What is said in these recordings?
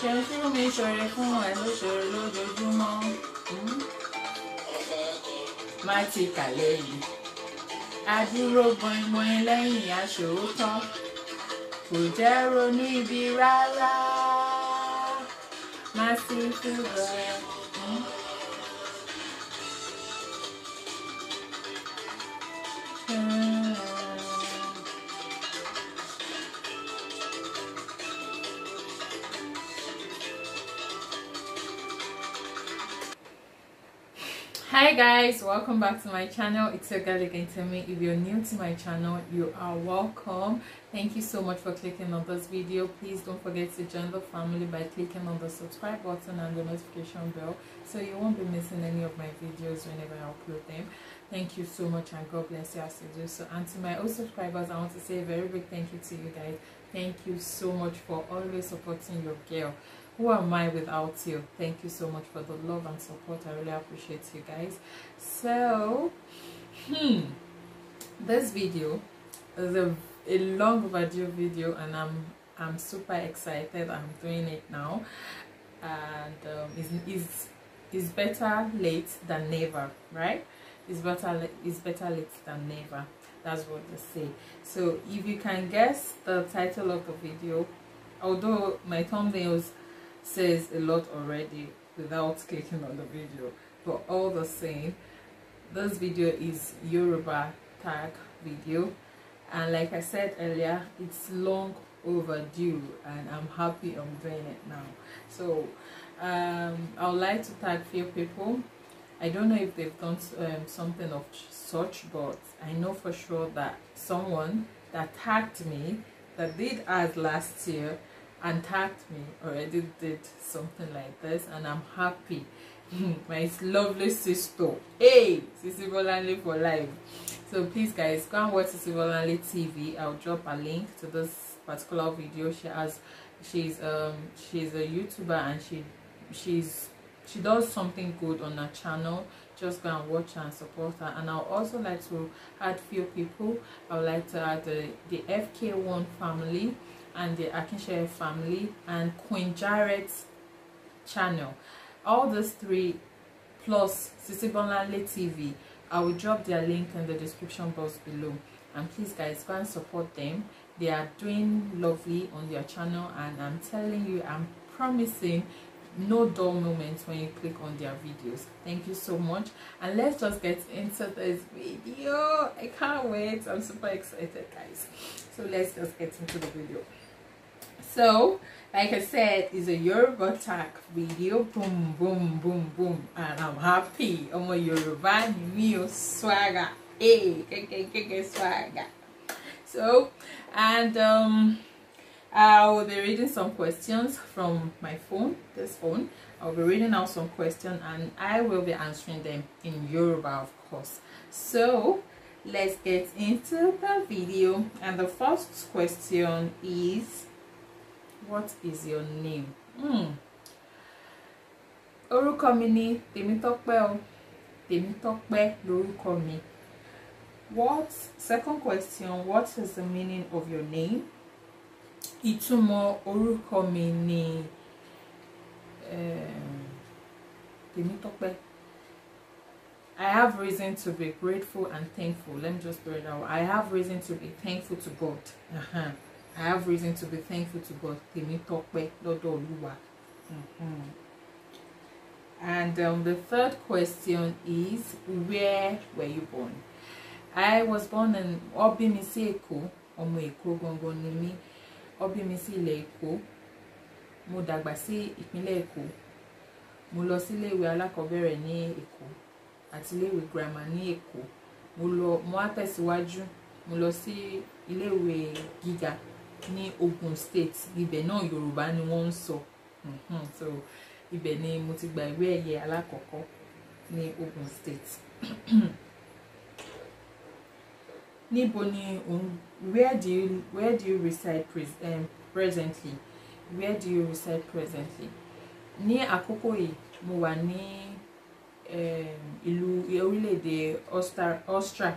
ṣe tí mi ṣọrẹ fún ẹ ló ṣòro lójoojúmọ́ má ti kà lẹ́yìn adúró gbọngbọ̀n lẹ́yìn aṣòótọ́ kò jẹ́ ronú ibi rárá má sí fúlọ̀ ẹ̀. hi guys welcome back to my channel it's your girl again to me if you're new to my channel you are welcome thank you so much for clicking on this video please don't forget to join the family by clicking on the subscribe button and the notification bell so you won't be missing any of my videos whenever i upload them thank you so much and god bless you as you do so and to my old subscribers i want to say a very big thank you to you guys thank you so much for always supporting your girl who am i without you thank you so much for the love and support i really appreciate you guys so hmm this video is a, a long overdue video and i'm i'm super excited i'm doing it now and um, it's it's better late than never right it's better it's better late than never that's what they say so if you can guess the title of the video although my thumbnails says a lot already without clicking on the video but all the same this video is Yoruba tag video and like I said earlier it's long overdue and I'm happy I'm doing it now so um, I would like to tag few people I don't know if they've done um, something of such but I know for sure that someone that tagged me that did as last year and tagged me already did something like this and i'm happy my lovely sister hey sissy bolanle for life so please guys go and watch sissy bolanle tv i'll drop a link to this particular video she has she's um she's a youtuber and she she's she does something good on her channel just go and watch and support her and i'll also like to add few people i would like to add the, the fk1 family and the Akinshere family and Queen Jarrett's channel. All those three plus Sisi Bonlanle TV. I will drop their link in the description box below. And please guys, go and support them. They are doing lovely on their channel and I'm telling you, I'm promising no dull moments when you click on their videos thank you so much and let's just get into this video i can't wait i'm super excited guys so let's just get into the video so like i said it's a yoruba tag video boom boom boom boom and i'm happy i'm a yoruba new swagger hey swagger so and um I will be reading some questions from my phone, this phone. I'll be reading out some questions and I will be answering them in Yoruba, of course. So, let's get into the video. And the first question is, what is your name? Mm. Orúkọ Temitope Temitope What, second question, what is the meaning of your name? ìtumọ̀ orúkọ mi ni Um, I have reason to be grateful and thankful. Let me just put it out. I have reason to be thankful to God. Uh-huh. I have reason to be thankful to God. Mm-hmm. And um, the third question is, where were you born? I was born in Obimisi Èkó, ọmọ Èkó gongo ni ọ bí mi sí ilẹ̀ èkó mo dàgbà sí ìpínlẹ̀ èkó mo lọ síléèwé alákọ̀ọ́bẹ̀rẹ̀ ní èkó àti iléèwé girama ní èkó mo lọ mo wá tẹ̀síwájú mo lọ sí iléèwé gíga ní Ogun State ibẹ̀ náà Yorùbá ni wọ́n ń sọ so ibẹ̀ ni mo ti gba ìwé ẹ̀yẹ alákọ̀ọ́kọ́ ní Ogun State níbo ni òun where do you where do you reside pres um, presently where do you reside presently ní àkókò yìí mo wà ní um, ìlú orílẹ̀-èdè Austria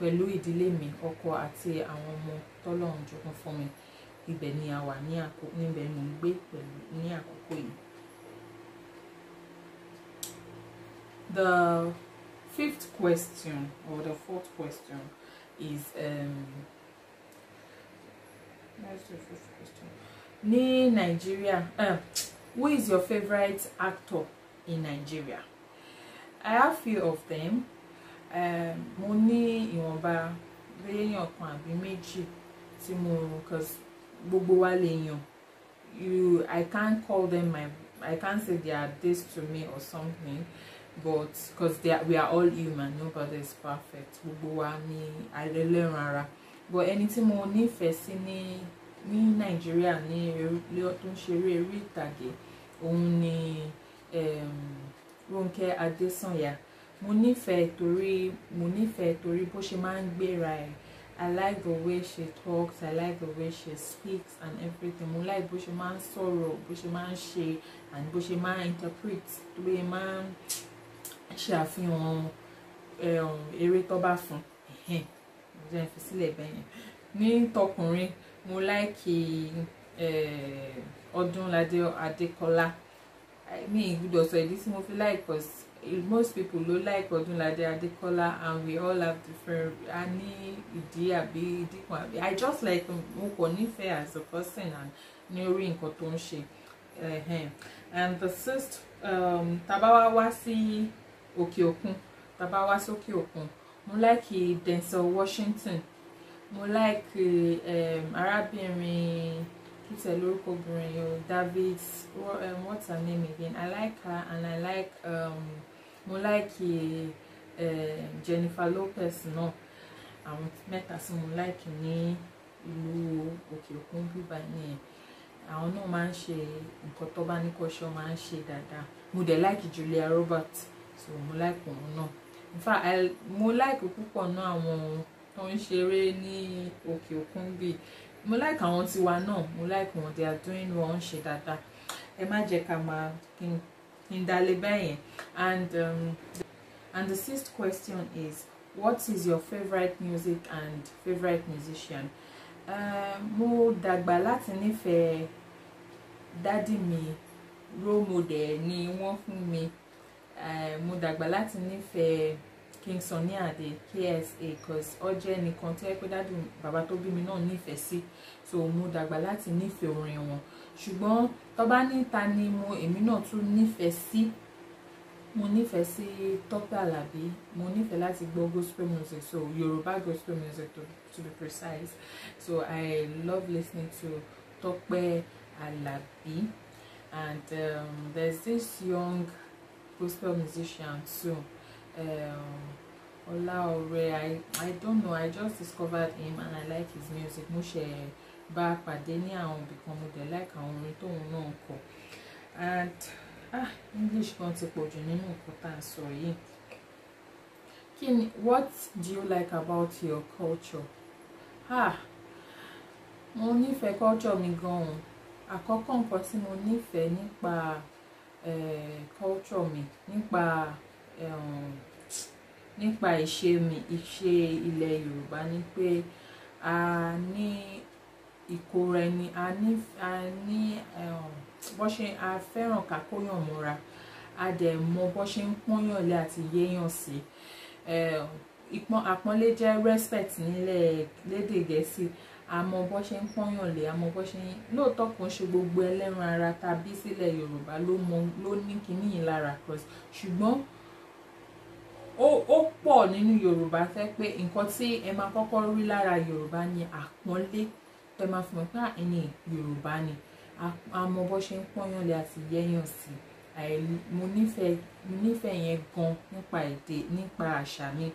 pẹ̀lú ìdílé mi ọkọ àti àwọn ọmọ tọ́lọ́run jogún fún mi ibẹ̀ ni a wà ní àkókò níbẹ̀ mò ń gbé pẹ̀lú ní àkókò yìí. The fifth question or the fourth question is um, ní Nigeria uh, who is your favorite actor in Nigeria I have few of them um, mo ní ìwọ̀nba léèyàn kan àbí méjì tí mo cause gbogbo wa léèyàn you I can't call them my I can't say they are this to me or something but because we are all human nobody is perfect gbogbo wa ni àìlẹ́lẹ́ran ara but ẹni tí mo nífẹ̀ẹ́ sí ní ní nàìjíríà ní tó ń ṣeré eré ìtàgé òun ni ehm, Rónkẹ́ Adésànyà mo nífẹ̀ẹ́ torí mo nífẹ̀ẹ́ torí bó ṣe máa ń gbéra ẹ̀ I like the way she talks I like the way she speaks and everything mo like bó ṣe máa ń sọ̀rọ̀ bó ṣe máa ń ṣe and bó ṣe máa ń interpret bó ṣe máa ń ṣe àfihàn um, eré tó bá fún jẹ́ fi sílẹ̀ bẹ́yẹn ní tọkùnrin mo láìkì Ọdúnládé um, Adékọlá mi gbọ́dọ̀ sọ ìdí tí mo fi láìkọ most people ló láìkọ Ọdúnládé Adékọlá and we all have different a ní ìdí àbí ìdí àbí I just like mo kò nífẹ̀ẹ́ as a person and ní orí nǹkan tó ń ṣe and the sixth um, tabawa wá sí. Si, òkè òkun tá a bá wá sókè òkun mo like Denzel Washington mo like um, arábìnrin kìtẹ̀ lórúkọ obìnrin o David um, what's her name again I like her and I like um, mo like uh, Jennifer Lopez náà àwọn mẹ́ta sí mo like ní ìlú òkè òkun bíbá yẹn àwọn náà máa ń ṣe nǹkan tó bá ní kọ́ṣọ́ máa ń ṣe dáadáa mo dẹ̀ like Julia Roberts so mo like òun náà in fact I, mo like púpọ̀ náà àwọn tó ń ṣeré ní òkè òkun bíi mo like àwọn tiwa náà mo like wọn they are doing wọn ń ṣe dáadáa ẹ má jẹ́ ká máa kí n dalẹ̀ bẹ́yẹn and um, and the sixth question is what is your favourite music and favourite musician uh, mo dàgbà láti nífẹ̀ẹ́ dádì mi role model ni wọ́n fún mi Eh, mo dàgbà láti nífẹ̀ẹ́ King Sunny Adé KSA cause ó jẹ́ ẹnìkan tó yẹ pé dádì bàbá tó bí mi náà nífẹ̀ẹ́ sí so mo dàgbà láti nífẹ̀ẹ́ orin wọn ṣùgbọ́n tó bá níta ni mo èmi náà tún nífẹ̀ẹ́ sí mo nífẹ̀ẹ́ sí Tọ́pẹ́ Àlàbí mo nífẹ̀ẹ́ láti gbọ́ gospel music so Yorùbá gospel music to, to be precise so I love listening to Tọ́pẹ́ Àlàbí and um, there's this young gospel musician too. Um, Ola Ore, I, I don't know, I just discovered him and I like his music. Mo ba bá pàdé ní àwọn ibì kan, mo like àwọn orin tóun náà And ah, English kan ti pọ̀ jù nínú nǹkan tá what do you like about your culture? Ah, mo nífẹ̀ẹ́ culture mi gan-an. Àkọ́kọ́ nǹkan tí mo nífẹ̀ẹ́ ba culture mi nípa nípa ìṣe mi ìṣe ilẹ̀ Yorùbá ni pé a ní ìkóra ẹni a ní a ní bó ṣe a fẹ́ràn ká kóyàn mọ́ra a dẹ̀ mọ bó ṣe ń pọ́nyàn lé àti yéèyàn sí ìpọ́n àpọ́nlé jẹ́ respect nílẹ̀ lédè Gẹ̀ẹ́sì àmọ́ bó ṣe ń pọ́nyàn lé àmọ́ bó ṣe ń lóòótọ́ kan ṣe gbogbo ẹlẹ́ran ara tàbí sílẹ̀ yorùbá ló mọ ló ní kinní yìí lára cross ṣùgbọ́n ó pọ̀ nínú yorùbá fẹ́ pé nǹkan tí ẹ máa kọ́kọ́ rí lára yorùbá ni àpọ́nlé tẹ máa fi mọ̀ pé ah, ẹni yorùbá ni àmọ́ bó ṣe ń pọ́nyàn lé àti yẹ́yàn sí mo nífẹ̀ẹ́ yẹn gan nípa èdè nípa àṣà mi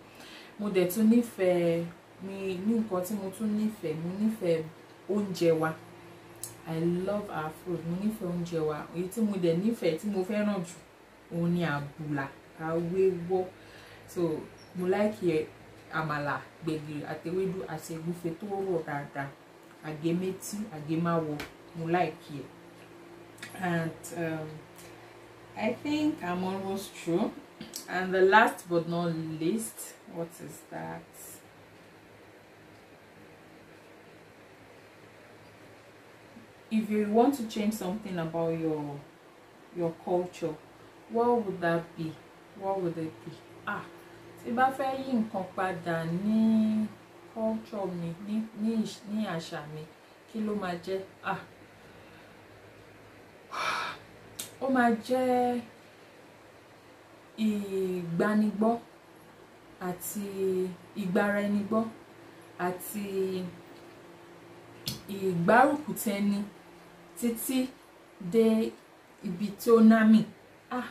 mo dẹ̀ tún nífẹ̀ẹ́ mi ní nǹkan tí mo tún nífẹ̀ẹ́ mo nífẹ̀ẹ́ oúnjẹ wa i love our food mo nífẹ̀ẹ́ oúnjẹ wa èyí tí mo dẹ̀ nífẹ̀ẹ́ tí mo fẹ́ràn jù òun ni àbùlà awéwọ́ so mo láìkì e, àmàlà gbẹ̀gìrì àtẹwédú àti ẹ̀gúnfe tó rọ̀ dáadáa àgémétí àgémáwọ mo láìkì ẹ̀ e. and um, i think i'm almost through and the last but not least what is that if you want to change something about your your culture what would that be what would it be ah tí bá fẹ́ yí nǹkan padà ní culture mi ní ní ní àṣà mi kí ló máa jẹ́ ah ó máa jẹ́ ìgbanigbọ́ àti ìgbaraẹnigbọ́ àti ìgbárùkùtẹ́ni. E títí dé ibi tí ó ná mì ah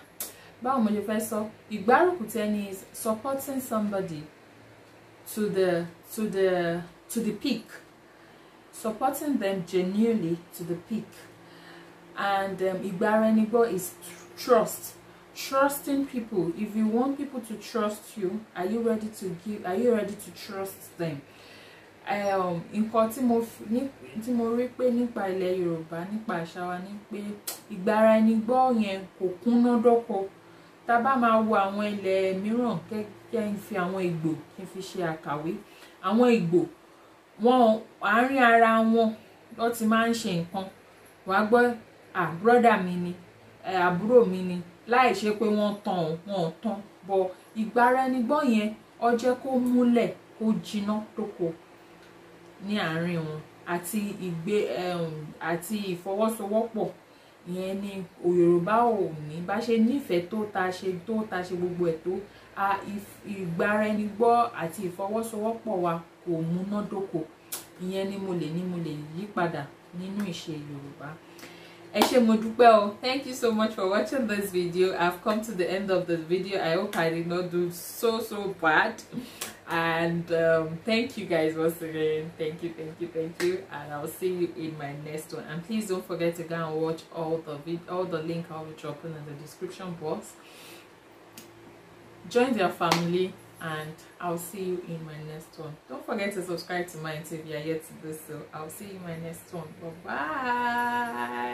báwo mo ṣe fẹ́ sọ ìgbárùkù tẹni is supporting somebody to the to the to the peak supporting them genuinely to the peak and um, ìgbaraẹnigbọ́ is trust trusting people if you want people to trust you are you ready to give are you ready to trust them nǹkan tí mo tí mo rí pé nípa ilẹ̀ Yorùbá nípa àṣà wa ni pé ìgbára ẹni gbọ́ yẹn kò kúnná dọ́kọ tá a bá máa wo àwọn ilẹ̀ mìíràn kẹ́kẹ́ ń fi àwọn Ìgbò kí n fi ṣe àkàwé àwọn Ìgbò wọn àárín ara wọn ló ti máa ń ṣe nǹkan wàá gbọ́ à brọ́dà mi ni àbúrò mi ni láì ṣe pé wọ́n tàn ọ́n wọ́n tán bọ̀ ìgbára ẹni gbọ́ yẹn ó kó múlẹ̀ kó jiná dóko ní àárín wọn àti ìgbé àti ìfọwọ́sowọ́pọ̀ ìyẹn ni Yorùbá ò ní bá ṣe nífẹ̀ẹ́ tó ta ṣe tó ta ṣe gbogbo ẹ̀ tó ìgbaraẹnigbọ́ àti ìfọwọ́sowọ́pọ̀ wa kò múná dóko ìyẹn ni mo lè ní mo lè yí padà nínú ìṣe Yorùbá thank you so much for watching this video i've come to the end of this video i hope i did not do so so bad and um, thank you guys once again thank you thank you thank you and i'll see you in my next one and please don't forget to go and watch all the video all the link i'll be dropping in the description box join their family and i'll see you in my next one don't forget to subscribe to my interview are yet to do so i'll see you in my next one bye bye